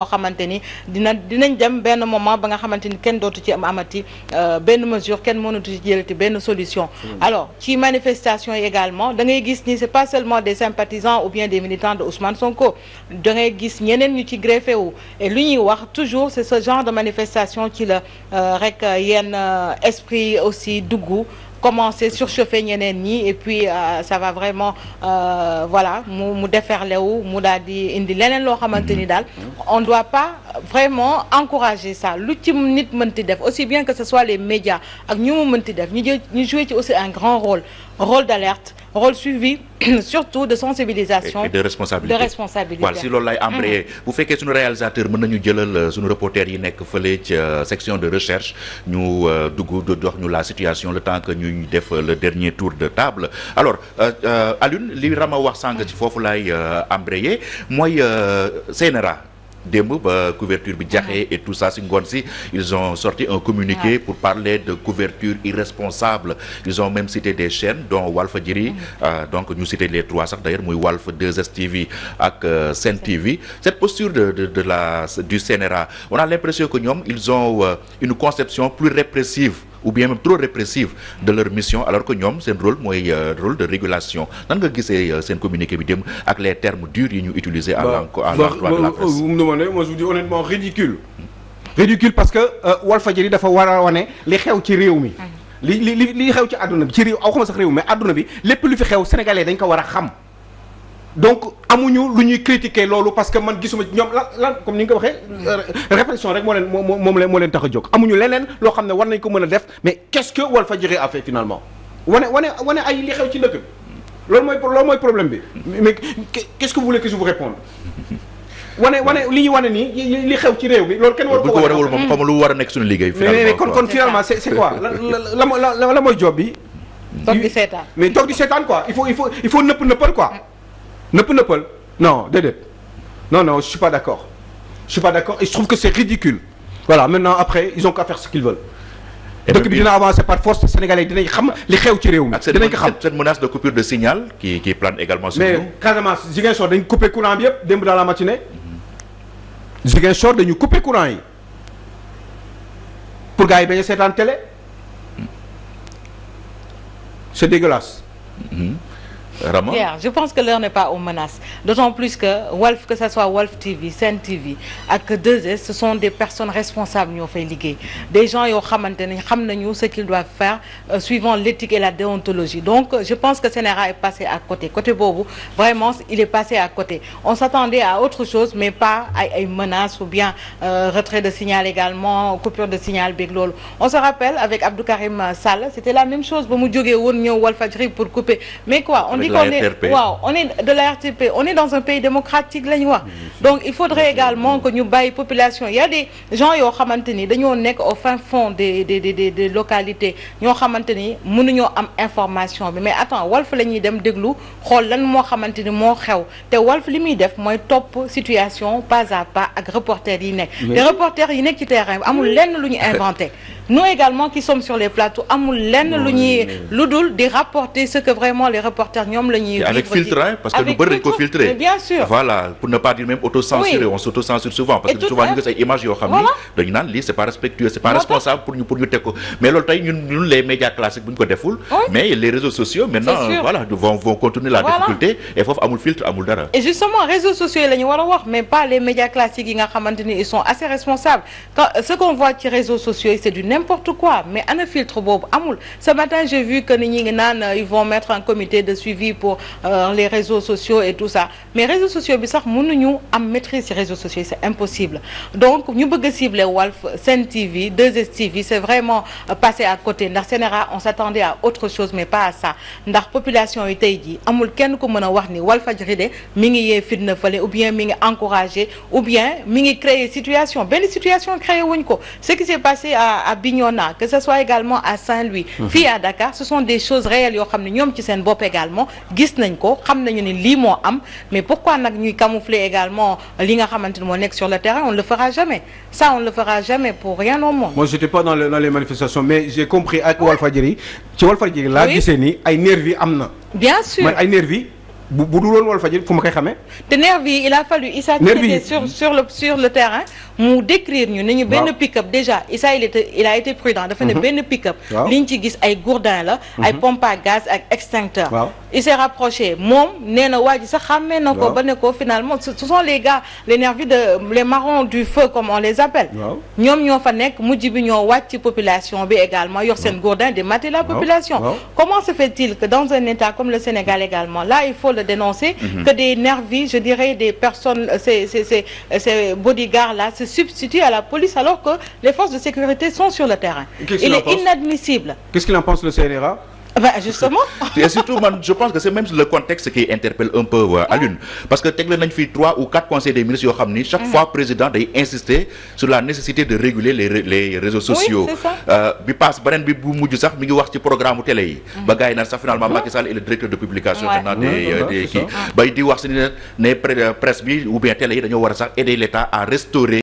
boo xamante ni dina dinañ dem benn moment ba nga xamante ni kenn dootu ci am amati euh, benn mesure kenn mënatu ci jëlati benn solution mmh. alors ci manifestation yi également da ngay gis ni c'est pas seulement des sympathisants ou bien des militants de Ousmane Sonko da gis ñeneen ñu ci greffé wu lu ñuy wax toujours c'est ce genre de manifestation ci la euh, rek yenn euh, esprit aussi dugg commencer surchauffer ñeneen ñi et puis euh, ça va vraiment euh, voilà mu mu déferler wu mu daal di indi leneen loo xamante ni mhm. daal on doit pas vraiment encourager ça lu ci nit ti def aussi bien que ce soit les médias ak ñu mu mënti def ñu jël ñu jouer ci aussi un grand rôle rôle d'alerte rôle suivi surtout de sensibilisation. et de responsabilité de responsabilité. voilà si loolu lay embrayé mmh. bu fekkee suñu réalisateur mën nañu jëlal euh, suñu reporter yi nekk fële ca euh, section de recherche ñu euh, dugg jox ñu la situation le temps que ñuy def le dernier tour de table alors Alioune li Rama wax sànq ci foofu lay embrayé mooy CNRA. de ba couverture bi jaxee et tout ça si ngoon si ils ont sorti un communiqué pour parler de couverture irresponsable ils ont même cité des chaînes dont Walfadjri euh, donc ñu cité les trois sax d'ailleurs muy Walf 2STV ak euh, Sen TV cette posture de de de la du CNRA on a l'impression que ñoom ils ont euh, une conception plus répressive ou bien même trop répressive de leur mission alors que ñoom seen rôle mooy euh, rôle de régulation nan nga gisee euh, seen communiqué bi dem ak les termes durs yi ñu utiliser à l'endroit de la presse ridicule parce que euh, Walfadjri dafa war li xew ci réew mi li li li xew ci àdduna bi ci réew aw xam sax réew mais àdduna bi lépp lu fi xew sénégalais dañ ko war xam donc amuñu lu ñuy critiquer loolu parce que man gisuma ñoom la lan comme ni nga ko waxee mm. euh, répression rek moo leen moo moom moo tax a jóg amuñu leneen loo xam ne war nañ ko mën a def mais qu'est-ce que Walfadjri a fait finalement wane wane wane li xew ci dëkk wane nii li xew ci réew mi loolu kenn war ko warewul moom mm. comme war a nekk suñu liggéey mais kon finalement c'est c'est la la la mooy job bi toog di seetaan mais il faut nëpp nëppal quoi nëpp nëppal non déedéet non non je suis pas d'accord je suis pas d'accord et je trouve que c'est ridicule voilà maintenant après ils ont qu'à faire ce qu'ils veulent. dëkk bi dina avance par force sénégalais dinañ xam li xew ci réew mi. dinañ ko xam cette menace de coupure de signal. qui qui plane également sur nous. mais Casamance Ziguinchor dañ coupé courant bi yëpp dans la matinée Ziguinchor dañu coupé courant yi pour gars yi bañ a seetaan télé c'est dégueulasse. Mm-hmm. Rama yeah, je pense que l'heure n'est pas aux menaces d'autant plus que Walf que ça soit Walf TV Sen TV ak 2S ce sont des personnes responsables ñoo fay liggéey des gens yoo xamante ne xam nañu ce qu'ils doivent faire euh, suivant l'éthique et la déontologie donc je pense que CNRA est passé à côté côté boobu vraiment il est passé à côté on s'attendait à autre chose mais pas ay ay menaces ou bien euh, retrait de signal également coupure de signal beeg loolu on se rappelle avec Abdou Karim Sall c'était la même chose ba mu jógee woon ñëw Walfadjri pour couper mais quoi on de la waaw on est de la RTP on est dans un pays démocratique la ñu wax donc il faudrait également que ñu bàyyi population ya y a des gens yoo xamante ni dañoo nekk au fin fond des des des des localités ñoo xamante ni mënuñoo am information bi mais attends Walf la ñuy dem déglu xool lan moo xamante ni moo xew te Walf li muy def mooy topp situation pas à pas ak reporter yi nekk te reporter yi nekk ci terrain bi amul lenn lu ñu inventé nous également qui sommes sur les plateaux amul lenn lu ñuy lu dul di rapporter ce que vraiment les reporters ñoom la ñuy. avec filtre parce que lu bëri dañ ko filtrer. bien sûr voilà pour ne pas dire même autocensurer on s'autocensure souvent. parce que souvent ñu ngi say image yoo xam ni dañu naan lii c'est pas respectueux c'est pas responsable pour ñu pour ñu teg ko mais loolu tey ñun ñun les médias classiques bu ñu ko deful. mais les réseaux sociaux maintenant voilà vont vont continuer la difficulté. et foofu amul filtre amul dara. et justement réseaux sociaux yi la ñu war a wax mais pas les médias classiques yi nga xamante ni ils sont assez responsables quand ce qu'on voit ci réseaux sociaux c'est du n'importe quoi mais ana filtre boobu amul ce matin j'ai vu que ni ngi naan euh, ils vont mettre un comité de suivi pour euh, les réseaux sociaux et tout ça mais réseaux sociaux bi sax mënuñu am maîtrise ci réseaux sociaux c'est impossible donc ñu bëgg a cibler Walf Sen TV 2STV c'est vraiment euh, passé à côté ndax Sénéra on s'attendait à autre chose mais pas à ça ndax population yi tey jii amul kenn ku mën a wax ni Walfadjri de mi ngi yee fitna bien mi ngi encouragé ou bien mi ngi créer situation benn situation créé ko Bignona que ce soit également à Saint-Louis mhm. fii à Dakar ce sont des choses réelles yoo xam ne ñoom ci seen bopp également gis nañ ko xam nañu ne lii moo am mais pourquoi nag ñuy camoufler également li nga xamante ne moo nekk sur le terrain on ne le fera jamais ça on ne le fera jamais pour rien au monde. moi j'étais pas dans les dans les manifestations mais j'ai compris ak Walfadjri ci Walfadjri laa gisee ni ay nervi am na. bien sûr man ay nervi bu bu dul woon Walfadjri fu ma koy xamee. te nervi il a fallu. nervi yi il s'est sur sur le sur le terrain. mu décrire ñu ne ñu benn pick-up déjà Issa il était il a été prudent dafa ne mhm. benn pick-up li gis ay gourdin la ay mhm. pompe gaz extincteur il s'est rapproché moom nee na waa ji sax xàmmee na ko ba ne ko finalement ce sont les gars les nervis de les marrons comme on les appelle ñoom ñoo fa nekk mu bi ñoo wàcc ci population bi également yor seen gourdin de mater la population comment se fait-il que dans un état comme le Sénégal également il faut le dénoncer mhm. que des nervis je dirais des personnes euh, ces ces ces euh, bodyguards là substitue à la police alors que les forces de sécurité sont sur le terrain. Il est inadmissible. Qu'est-ce qu'il en pense le CNRA? Ah Et surtout je pense que c'est même le contexte qui interpelle un peu à euh, l'une parce que tegle nañ fi trois ou quatre conseils des ministres yoo xam ni chaque mm. fois président day insister sur la nécessité de réguler les réseaux sociaux euh, bi passe beneen bi bu mujj sax mi ngi wax ci programme télé yi mm. ba gars